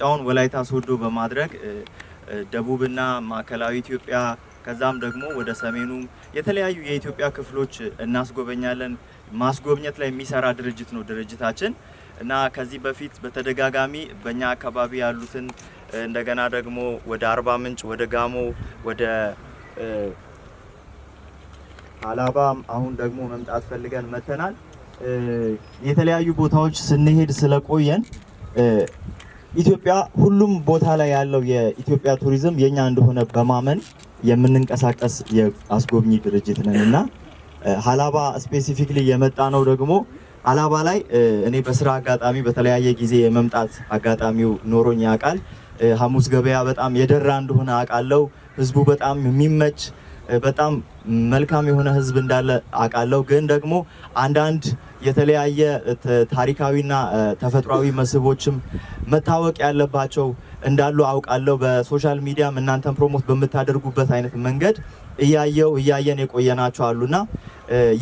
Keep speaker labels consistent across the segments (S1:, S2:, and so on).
S1: ጫውን ወላይታ ሶዶ በማድረግ ደቡብና ማዕከላዊ ኢትዮጵያ ከዛም ደግሞ ወደ ሰሜኑ የተለያዩ የኢትዮጵያ ክፍሎች እናስጎበኛለን። ማስጎብኘት ላይ የሚሰራ ድርጅት ነው ድርጅታችን እና ከዚህ በፊት በተደጋጋሚ በእኛ አካባቢ ያሉትን እንደገና ደግሞ ወደ አርባ ምንጭ፣ ወደ ጋሞ፣ ወደ አላባም አሁን ደግሞ መምጣት ፈልገን መተናል። የተለያዩ ቦታዎች ስንሄድ ስለቆየን ኢትዮጵያ ሁሉም ቦታ ላይ ያለው የኢትዮጵያ ቱሪዝም የኛ እንደሆነ በማመን የምንንቀሳቀስ የአስጎብኚ ድርጅት ነን እና ሀላባ ስፔሲፊክሊ የመጣ ነው ደግሞ ሀላባ ላይ እኔ በስራ አጋጣሚ በተለያየ ጊዜ የመምጣት አጋጣሚው ኖሮኝ ያውቃል። ሐሙስ ገበያ በጣም የደራ እንደሆነ አውቃለሁ። ህዝቡ በጣም የሚመች በጣም መልካም የሆነ ህዝብ እንዳለ አውቃለሁ። ግን ደግሞ አንዳንድ የተለያየ ታሪካዊና ተፈጥሯዊ መስህቦችም መታወቅ ያለባቸው እንዳሉ አውቃለሁ። በሶሻል ሚዲያም እናንተን ፕሮሞት በምታደርጉበት አይነት መንገድ እያየው እያየን የቆየናቸው አሉና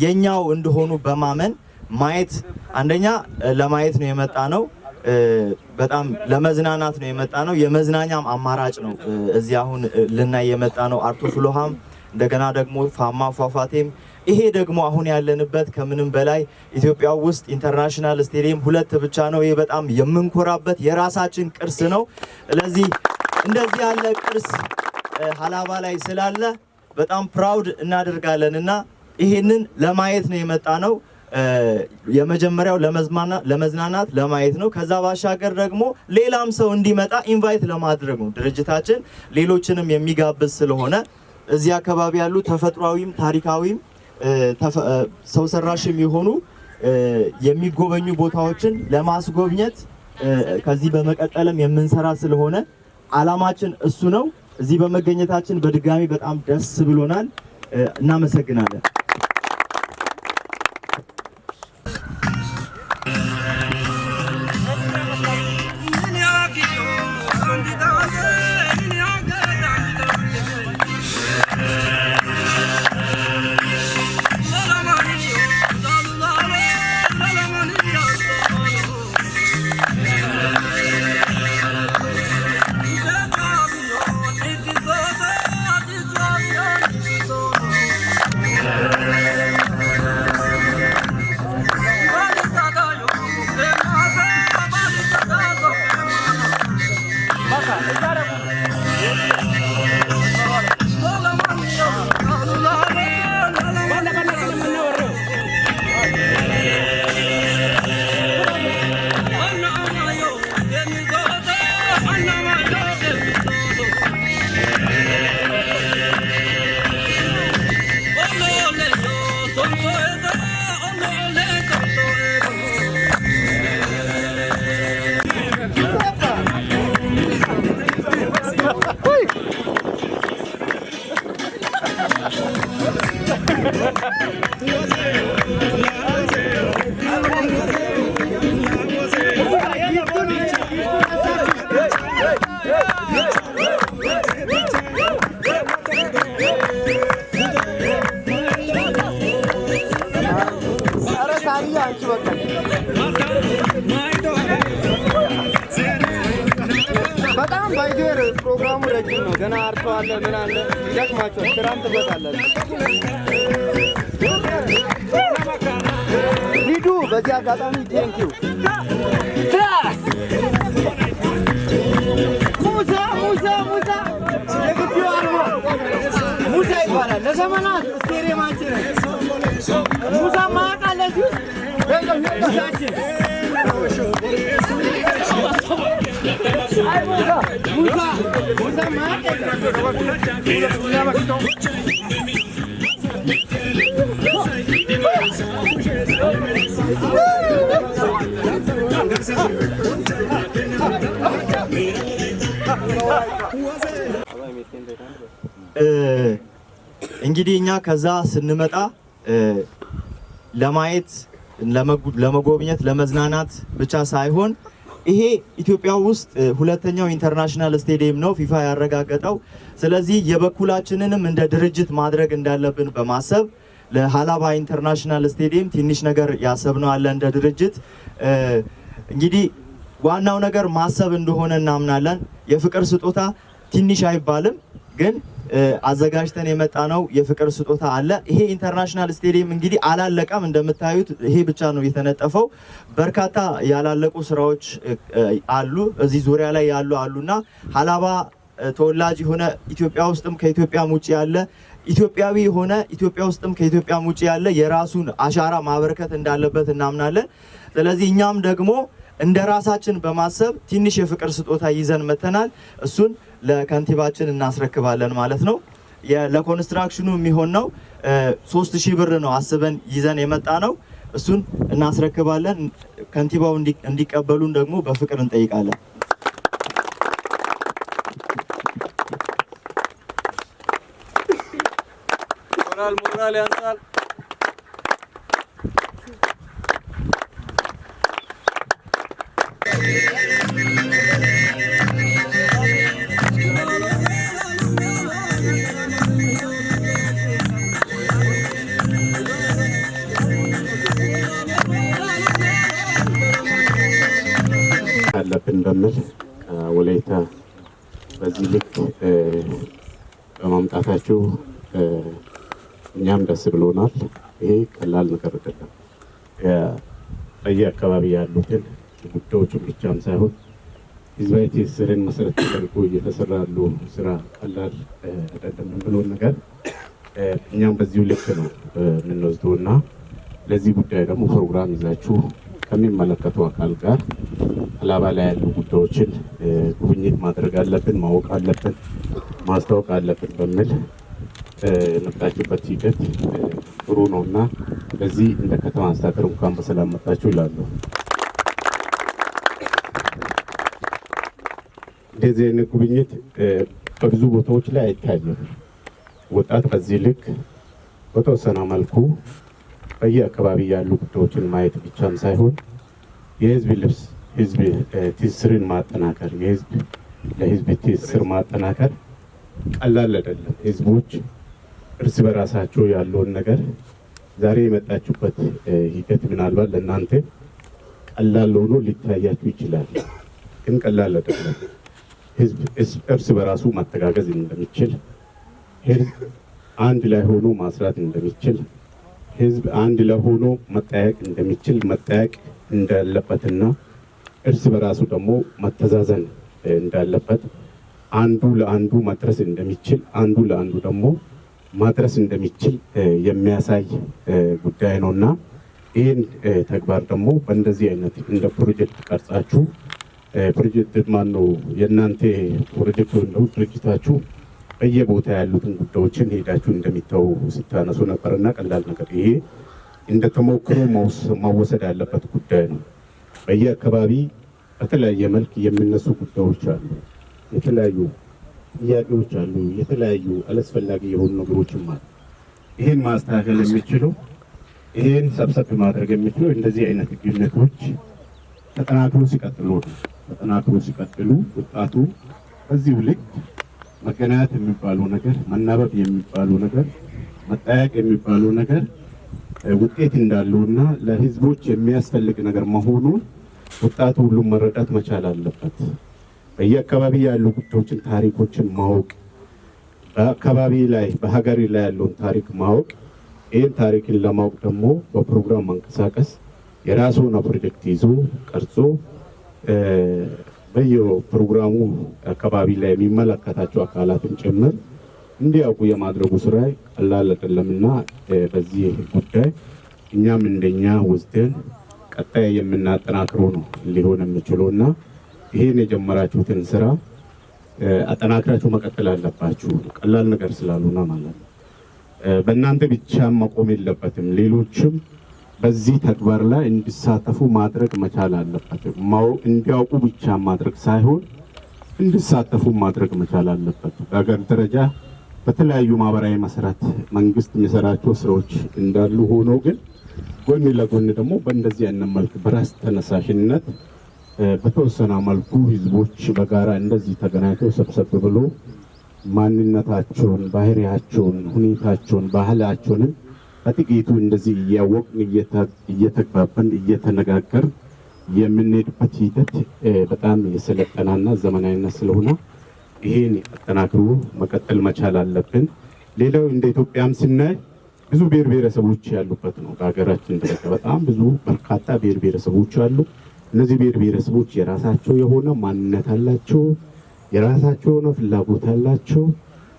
S1: የኛው እንደሆኑ በማመን ማየት አንደኛ ለማየት ነው የመጣ ነው። በጣም ለመዝናናት ነው የመጣ ነው። የመዝናኛም አማራጭ ነው እዚህ አሁን ልናይ የመጣ ነው። አርቶ ፍሎሃም እንደገና ደግሞ ፋማ ፏፏቴም ይሄ ደግሞ አሁን ያለንበት ከምንም በላይ ኢትዮጵያ ውስጥ ኢንተርናሽናል ስቴዲየም ሁለት ብቻ ነው። ይሄ በጣም የምንኮራበት የራሳችን ቅርስ ነው። ስለዚህ እንደዚህ ያለ ቅርስ ሀላባ ላይ ስላለ በጣም ፕራውድ እናደርጋለን እና ይሄንን ለማየት ነው የመጣ ነው። የመጀመሪያው ለመዝናናት ለማየት ነው። ከዛ ባሻገር ደግሞ ሌላም ሰው እንዲመጣ ኢንቫይት ለማድረግ ነው። ድርጅታችን ሌሎችንም የሚጋብዝ ስለሆነ እዚህ አካባቢ ያሉ ተፈጥሯዊም ታሪካዊም ሰው ሰራሽ የሚሆኑ የሚጎበኙ ቦታዎችን ለማስጎብኘት ከዚህ በመቀጠልም የምንሰራ ስለሆነ አላማችን እሱ ነው። እዚህ በመገኘታችን በድጋሚ በጣም ደስ ብሎናል። እናመሰግናለን።
S2: አርተዋለ ምን አለ ይደክማቸዋል። ስራም ትበታለን። ሊዱ በዚህ አጋጣሚ ቴንኪው
S3: ሙሳ ሙሳ ሙሳ የግቢው አርማ ሙሳ ይባላል። ለዘመናት ስቴሪየማችን ሙሳ ማቃለዚ ሙሳችን
S1: እንግዲህ እኛ ከዛ ስንመጣ ለማየት ለመጎብኘት ለመዝናናት ብቻ ሳይሆን ይሄ ኢትዮጵያ ውስጥ ሁለተኛው ኢንተርናሽናል ስቴዲየም ነው ፊፋ ያረጋገጠው። ስለዚህ የበኩላችንንም እንደ ድርጅት ማድረግ እንዳለብን በማሰብ ለሀላባ ኢንተርናሽናል ስቴዲየም ትንሽ ነገር ያሰብነው አለ እንደ ድርጅት እንግዲህ ዋናው ነገር ማሰብ እንደሆነ እናምናለን። የፍቅር ስጦታ ትንሽ አይባልም ግን አዘጋጅተን የመጣ ነው የፍቅር ስጦታ አለ። ይሄ ኢንተርናሽናል ስቴዲየም እንግዲህ አላለቀም። እንደምታዩት ይሄ ብቻ ነው የተነጠፈው። በርካታ ያላለቁ ስራዎች አሉ፣ እዚህ ዙሪያ ላይ ያሉ አሉና ሀላባ ተወላጅ የሆነ ኢትዮጵያ ውስጥም ከኢትዮጵያም ውጭ ያለ ኢትዮጵያዊ የሆነ ኢትዮጵያ ውስጥም ከኢትዮጵያም ውጭ ያለ የራሱን አሻራ ማበረከት እንዳለበት እናምናለን። ስለዚህ እኛም ደግሞ እንደ ራሳችን በማሰብ ትንሽ የፍቅር ስጦታ ይዘን መተናል እሱን ለከንቲባችን እናስረክባለን ማለት ነው። ለኮንስትራክሽኑ የሚሆን ነው። ሶስት ሺህ ብር ነው አስበን ይዘን የመጣ ነው። እሱን እናስረክባለን። ከንቲባው እንዲቀበሉን ደግሞ በፍቅር እንጠይቃለን።
S4: ሞራል ሞራል ያንሳል።
S5: እኛም ደስ ብሎናል። ይሄ ቀላል ነገር አይደለም። በየአካባቢ ያሉትን ጉዳዮችን ብቻም ሳይሆን ህዝባዊ ትስስርን መሰረት ተደርጎ እየተሰራ ያሉ ስራ ቀላል አይደለም ብሎን ነገር እኛም በዚሁ ልክ ነው የምንወስደው እና ለዚህ ጉዳይ ደግሞ ፕሮግራም ይዛችሁ ከሚመለከቱ አካል ጋር አላባ ላይ ያሉ ጉዳዮችን ጉብኝት ማድረግ አለብን፣ ማወቅ አለብን፣ ማስታወቅ አለብን በሚል የመጣችሁበት ሂደት ጥሩ ነው እና በዚህ እንደ ከተማ አስተዳደር እንኳን በሰላም መጣችሁ ይላሉ። እንደዚህ አይነት ጉብኝት በብዙ ቦታዎች ላይ አይታይም። ወጣት በዚህ ልክ በተወሰነ መልኩ በየአካባቢ ያሉ ጉዳዮችን ማየት ብቻም ሳይሆን የህዝብ ልብስ ህዝብ ትስስርን ማጠናከር የህዝብ ለህዝብ ትስስር ማጠናከር ቀላል አይደለም። ህዝቦች እርስ በራሳቸው ያለውን ነገር ዛሬ የመጣችሁበት ሂደት ምናልባት ለእናንተ ቀላል ሆኖ ሊታያችሁ ይችላል፣ ግን ቀላል አይደለም። ህዝብ እርስ በራሱ ማተጋገዝ እንደሚችል፣ ህዝብ አንድ ላይ ሆኖ ማስራት እንደሚችል፣ ህዝብ አንድ ላይ ሆኖ መጠያየቅ እንደሚችል መጠያየቅ እንዳለበትና እርስ በራሱ ደግሞ መተዛዘን እንዳለበት አንዱ ለአንዱ መድረስ እንደሚችል አንዱ ለአንዱ ደግሞ ማድረስ እንደሚችል የሚያሳይ ጉዳይ ነው እና ይህን ተግባር ደግሞ በእንደዚህ አይነት እንደ ፕሮጀክት ቀርጻችሁ ፕሮጀክት ነው የእናንተ ፕሮጀክት ወይም ደግሞ ድርጅታችሁ በየቦታ ያሉትን ጉዳዮችን ሄዳችሁ እንደሚተው ስታነሱ ነበርና ቀላል ነገር ይሄ እንደ ተሞክሮ መወሰድ ያለበት ጉዳይ ነው። በየአካባቢ በተለያየ መልክ የሚነሱ ጉዳዮች አሉ የተለያዩ ጥያቄዎች አሉ። የተለያዩ አላስፈላጊ የሆኑ ነገሮችም አሉ። ይህን ማስተካከል የሚችሉ ይህን ሰብሰብ ማድረግ የሚችለው እንደዚህ አይነት ግነቶች ተጠናክሮ ሲቀጥሉ ተጠናክሮ ሲቀጥሉ ወጣቱ በዚሁ ልክ መገናኘት የሚባሉ ነገር፣ መናበብ የሚባሉ ነገር፣ መጠያቅ የሚባሉ ነገር ውጤት እና ለህዝቦች የሚያስፈልግ ነገር መሆኑን ወጣቱ ሁሉም መረዳት መቻል አለበት። በየአካባቢ ያሉ ጉዳዮችን፣ ታሪኮችን ማወቅ በአካባቢ ላይ በሀገሪ ላይ ያለውን ታሪክ ማወቅ፣ ይህን ታሪክን ለማወቅ ደግሞ በፕሮግራም መንቀሳቀስ የራሱን ፕሮጀክት ይዞ ቀርጾ በየፕሮግራሙ አካባቢ ላይ የሚመለከታቸው አካላትን ጭምር እንዲያውቁ የማድረጉ ስራ ቀላል አይደለምና በዚህ ጉዳይ እኛም እንደኛ ውስደን ቀጣይ የምናጠናክሮ ነው ሊሆን የሚችለውና ይህን የጀመራችሁትን ስራ አጠናክራችሁ መቀጠል አለባችሁ። ቀላል ነገር ስላሉና ማለት ነው። በእናንተ ብቻ መቆም የለበትም። ሌሎችም በዚህ ተግባር ላይ እንዲሳተፉ ማድረግ መቻል አለበትም። እንዲያውቁ ብቻ ማድረግ ሳይሆን እንዲሳተፉ ማድረግ መቻል አለበት። በሀገር ደረጃ በተለያዩ ማህበራዊ መሰረት መንግስት የሚሰራቸው ስራዎች እንዳሉ ሆኖ ግን ጎን ለጎን ደግሞ በእንደዚህ አይነት መልክ በራስ ተነሳሽነት በተወሰነ መልኩ ህዝቦች በጋራ እንደዚህ ተገናኝተው ሰብሰብ ብሎ ማንነታቸውን፣ ባህሪያቸውን፣ ሁኔታቸውን፣ ባህላቸውንም በጥቂቱ እንደዚህ እያወቅን እየተግባባን እየተነጋገር የምንሄድበት ሂደት በጣም የሰለጠናና ዘመናዊነት ስለሆነ ይሄን አጠናክሮ መቀጠል መቻል አለብን። ሌላው እንደ ኢትዮጵያም ስናይ ብዙ ብሔር ብሔረሰቦች ያሉበት ነው። በሀገራችን ደረጃ በጣም ብዙ በርካታ ብሔር ብሔረሰቦች አሉ። እነዚህ ብሔር ብሔረሰቦች የራሳቸው የሆነ ማንነት አላቸው። የራሳቸው የሆነ ፍላጎት አላቸው።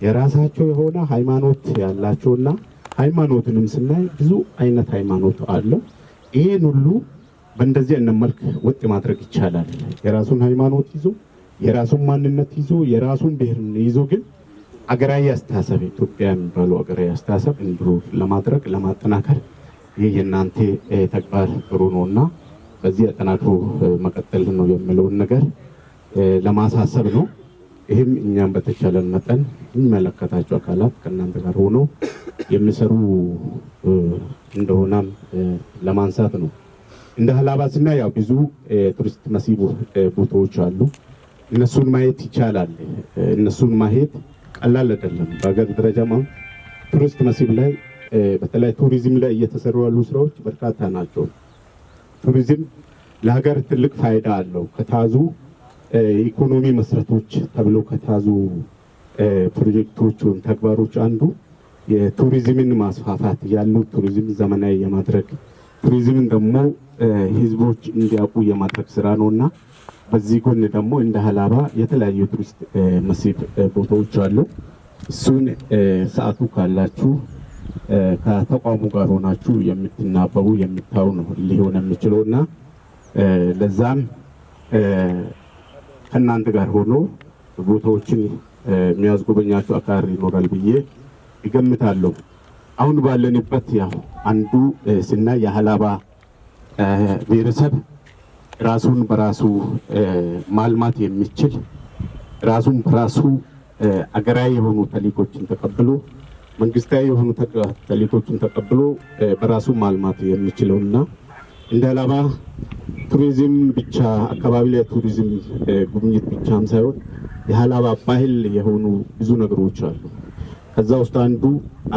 S5: የራሳቸው የሆነ ሃይማኖት ያላቸውና ሃይማኖትንም ስናይ ብዙ አይነት ሃይማኖት አለ። ይህን ሁሉ በእንደዚህ አይነት መልክ ወጥ ማድረግ ይቻላል። የራሱን ሃይማኖት ይዞ የራሱን ማንነት ይዞ የራሱን ብሔር ይዞ ግን አገራዊ አስተሳሰብ ኢትዮጵያ የሚባለው አገራዊ አስተሳሰብ እንዲሁ ለማድረግ ለማጠናከር ይህ የእናንተ ተግባር ጥሩ ነውና በዚህ አጠናክሮ መቀጠል ነው የሚለውን ነገር ለማሳሰብ ነው። ይህም እኛም በተቻለን መጠን የሚመለከታቸው አካላት ከእናንተ ጋር ሆኖ የሚሰሩ እንደሆናም ለማንሳት ነው። እንደ ሀላባ ስና ያው ብዙ ቱሪስት መስህብ ቦታዎች አሉ። እነሱን ማየት ይቻላል። እነሱን ማየት ቀላል አይደለም። በሀገር ደረጃ ቱሪስት መስህብ ላይ በተለይ ቱሪዝም ላይ እየተሰሩ ያሉ ስራዎች በርካታ ናቸው። ቱሪዝም ለሀገር ትልቅ ፋይዳ አለው። ከተያዙ ኢኮኖሚ መሰረቶች ተብሎ ከተያዙ ፕሮጀክቶች ወይም ተግባሮች አንዱ የቱሪዝምን ማስፋፋት ያለው ቱሪዝም ዘመናዊ የማድረግ ቱሪዝምን ደግሞ ህዝቦች እንዲያውቁ የማድረግ ስራ ነው እና በዚህ ጎን ደግሞ እንደ ሀላባ የተለያዩ ቱሪስት መስህብ ቦታዎች አሉ። እሱን ሰዓቱ ካላችሁ ከተቋሙ ጋር ሆናችሁ የምትናበቡ የምታዩ ነው ሊሆን የሚችለው እና ለዛም ከእናንተ ጋር ሆኖ ቦታዎችን የሚያስጎበኛችሁ አካል ይኖራል ብዬ ይገምታለሁ። አሁን ባለንበት ያው አንዱ ስና የሀላባ ብሔረሰብ ራሱን በራሱ ማልማት የሚችል ራሱን በራሱ አገራዊ የሆኑ ተሊኮችን ተቀብሎ መንግስታዊ የሆኑ ተሊቶችን ተቀብሎ በራሱ ማልማት የሚችለውና እንደ አላባ ቱሪዝም ብቻ አካባቢ ላይ ቱሪዝም ጉብኝት ብቻም ሳይሆን የሀላባ ባህል የሆኑ ብዙ ነገሮች አሉ። ከዛ ውስጥ አንዱ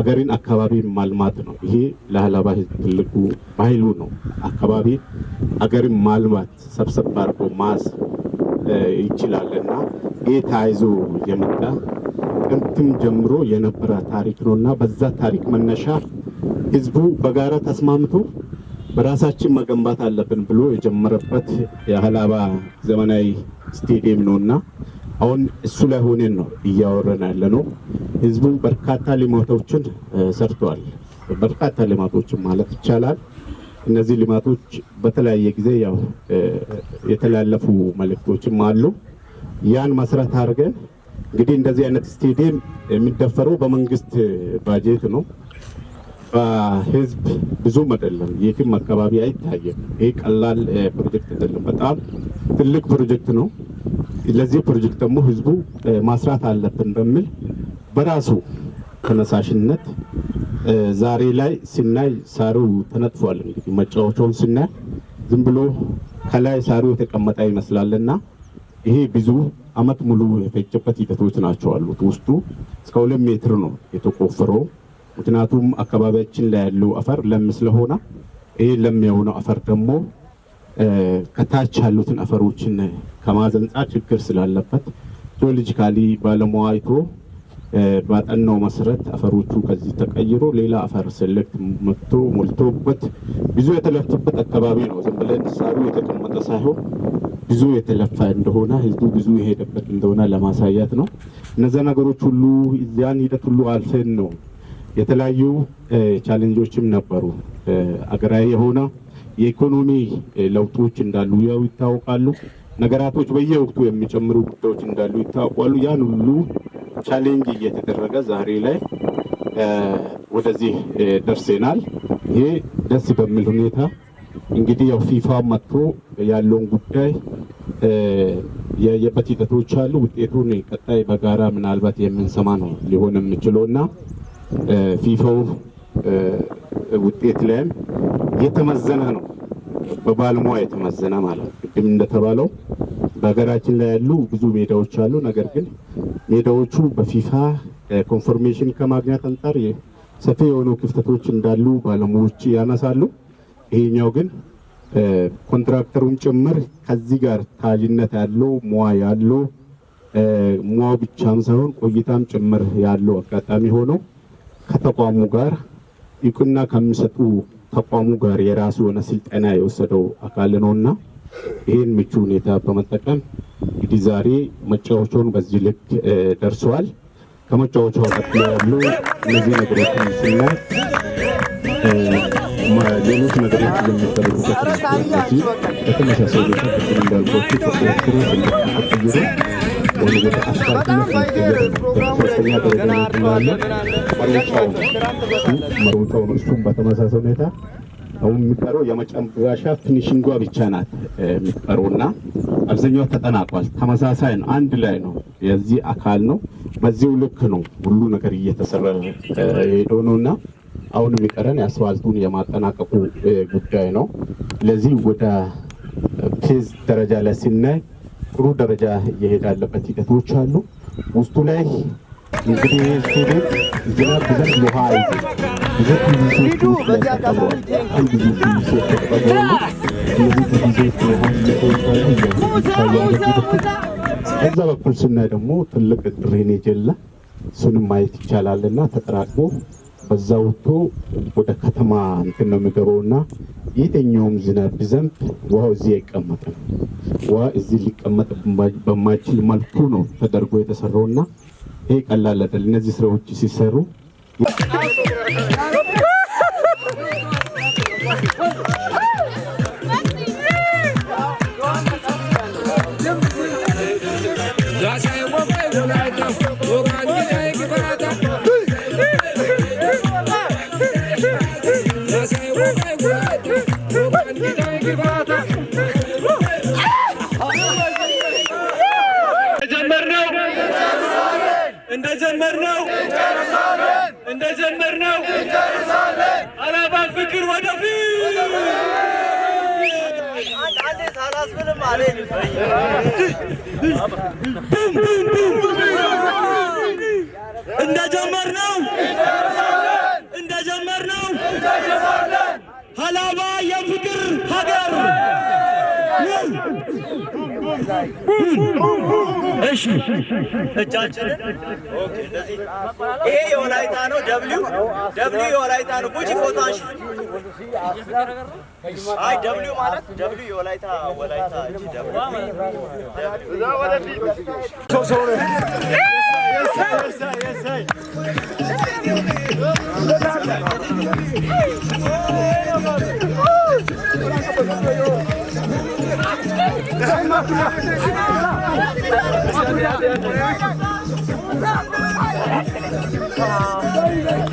S5: አገርን አካባቢ ማልማት ነው። ይሄ ለሀላባ ህዝብ ትልቁ ባህሉ ነው። አካባቢ አገርን ማልማት ሰብሰብ አድርጎ ማዝ ይችላል እና ይህ ተያይዞ የመጣ ጥንትም ጀምሮ የነበረ ታሪክ ነው እና በዛ ታሪክ መነሻ ህዝቡ በጋራ ተስማምቶ በራሳችን መገንባት አለብን ብሎ የጀመረበት የሀላባ ዘመናዊ ስቴዲየም ነው እና አሁን እሱ ላይ ሆነን ነው እያወረን ያለ ነው። ህዝቡ በርካታ ልማቶችን ሰርተዋል። በርካታ ልማቶችን ማለት ይቻላል። እነዚህ ልማቶች በተለያየ ጊዜ ያው የተላለፉ መልእክቶችም አሉ። ያን መሰረት አድርገን እንግዲህ እንደዚህ አይነት ስቴዲየም የሚደፈረው በመንግስት ባጀት ነው። በህዝብ ብዙም አይደለም፣ የትም አካባቢ አይታየም። ይህ ቀላል ፕሮጀክት አይደለም፣ በጣም ትልቅ ፕሮጀክት ነው። ለዚህ ፕሮጀክት ደግሞ ህዝቡ ማስራት አለብን በሚል በራሱ ተነሳሽነት ዛሬ ላይ ስናይ ሳሩ ተነጥፏል። እንግዲህ መጫወቻውን ስናይ ዝም ብሎ ከላይ ሳሩ የተቀመጠ ይመስላልና ይሄ ብዙ አመት ሙሉ የፈጀበት ሂደቶች ናቸው አሉት። ውስጡ እስከ ሁለት ሜትር ነው የተቆፈረው። ምክንያቱም አካባቢያችን ላይ ያለው አፈር ለም ስለሆነ ይህ ለም የሆነው አፈር ደግሞ ከታች ያሉትን አፈሮችን ከማዘንጻ ችግር ስላለበት ጂኦሎጂካሊ ባለሙያ አይቶ ባጠናው መሰረት አፈሮቹ ከዚህ ተቀይሮ ሌላ አፈር ሴሌክት መጥቶ ሞልቶበት ብዙ የተለፍትበት አካባቢ ነው። ዝም ብለን ሳሩ የተቀመጠ ሳይሆን ብዙ የተለፋ እንደሆነ ህዝቡ ብዙ የሄደበት እንደሆነ ለማሳየት ነው። እነዚያ ነገሮች ሁሉ እዚያን ሂደት ሁሉ አልፈን ነው። የተለያዩ ቻሌንጆችም ነበሩ። አገራዊ የሆነ የኢኮኖሚ ለውጦች እንዳሉ ያው ይታወቃሉ። ነገራቶች በየወቅቱ የሚጨምሩ ጉዳዮች እንዳሉ ይታወቃሉ። ያን ሁሉ ቻሌንጅ እየተደረገ ዛሬ ላይ ወደዚህ ደርሴናል። ይሄ ደስ በሚል ሁኔታ እንግዲህ ያው ፊፋ መጥቶ ያለውን ጉዳይ የበት ሂደቶች አሉ። ውጤቱን ቀጣይ በጋራ ምናልባት የምንሰማ ነው ሊሆን የምችለው እና ፊፋው ውጤት ላይም የተመዘነ ነው፣ በባለሙያ የተመዘነ ማለት ነው። ቅድም እንደተባለው በሀገራችን ላይ ያሉ ብዙ ሜዳዎች አሉ። ነገር ግን ሜዳዎቹ በፊፋ ኮንፎርሜሽን ከማግኘት አንጻር ሰፊ የሆኑ ክፍተቶች እንዳሉ ባለሙያዎች ያነሳሉ። ይሄኛው ግን ኮንትራክተሩን ጭምር ከዚህ ጋር ታጅነት ያለው ሙያ ያለው ሙያው ብቻም ሳይሆን ቆይታም ጭምር ያለው አጋጣሚ ሆኖ ከተቋሙ ጋር እውቅና ከሚሰጡ ተቋሙ ጋር የራሱ የሆነ ስልጠና የወሰደው አካል ነውና ይህን ምቹ ሁኔታ በመጠቀም እንግዲህ ዛሬ መጫወቻውን በዚህ ልክ ደርሰዋል። ከመጫወቻው ቀጥሎ ያሉ እነዚህ ነገሮችን ስናይ ሌሎች ነገሮች በሚደረጉበት በተመሳሳይ እሱም በተመሳሳይ ሁኔታ አሁን የሚቀረው የመጨረሻ ፊኒሽንጓ ብቻ ናት የሚቀረውና አብዛኛው ተጠናቋል። ተመሳሳይ ነው፣ አንድ ላይ ነው፣ የዚህ አካል ነው። በዚሁ ልክ ነው ሁሉ ነገር እየተሰራ ሄዶ ነውና አሁን የሚቀረን የአስፋልቱን የማጠናቀቁ ጉዳይ ነው። ለዚህ ወደ ፌዝ ደረጃ ላይ ሲናይ ጥሩ ደረጃ እየሄደ ያለበት ሂደቶች አሉ። ውስጡ ላይ እንግዲህ ስቤት ዝናብ ብዘንድ ውሃ አይዘ እዛ በኩል ስናይ ደግሞ ትልቅ ድሬኔጅ የለ እሱንም ማየት ይቻላል እና ተጠራቅሞ ከዛ ወጥቶ ወደ ከተማ እንትን ነው የሚገባው እና የትኛውም ዝናብ ቢዘንብ ውሃው እዚህ አይቀመጥም። ውሃ እዚህ ሊቀመጥ በማይችል መልኩ ነው ተደርጎ የተሰራው እና ይሄ ቀላል አይደል። እነዚህ ስራዎች ሲሰሩ
S6: እንደጀመርነው እንደጀመርነው ሀላባ የፍቅር ሀገር እሺ እጃችንን
S3: ይሄ የወላይታ ነው። ደብሊው ደብሊው የወላይታ ነው። ጉጂ ፎቶ አንሺ። አይ ደብሊው ማለት ደብሊው የወላይታ ወላይታ እንጂ ደብሊው
S4: ああ。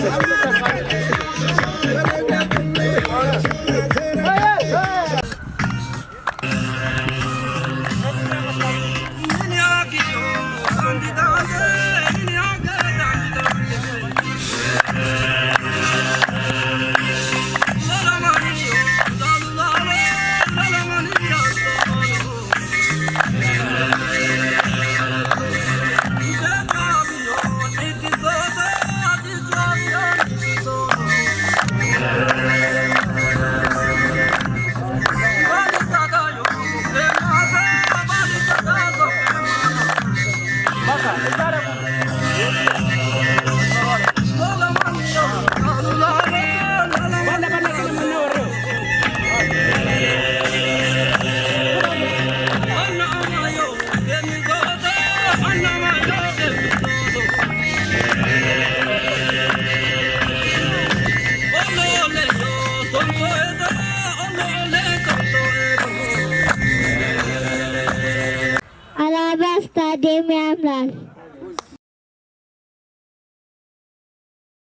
S4: Thank you.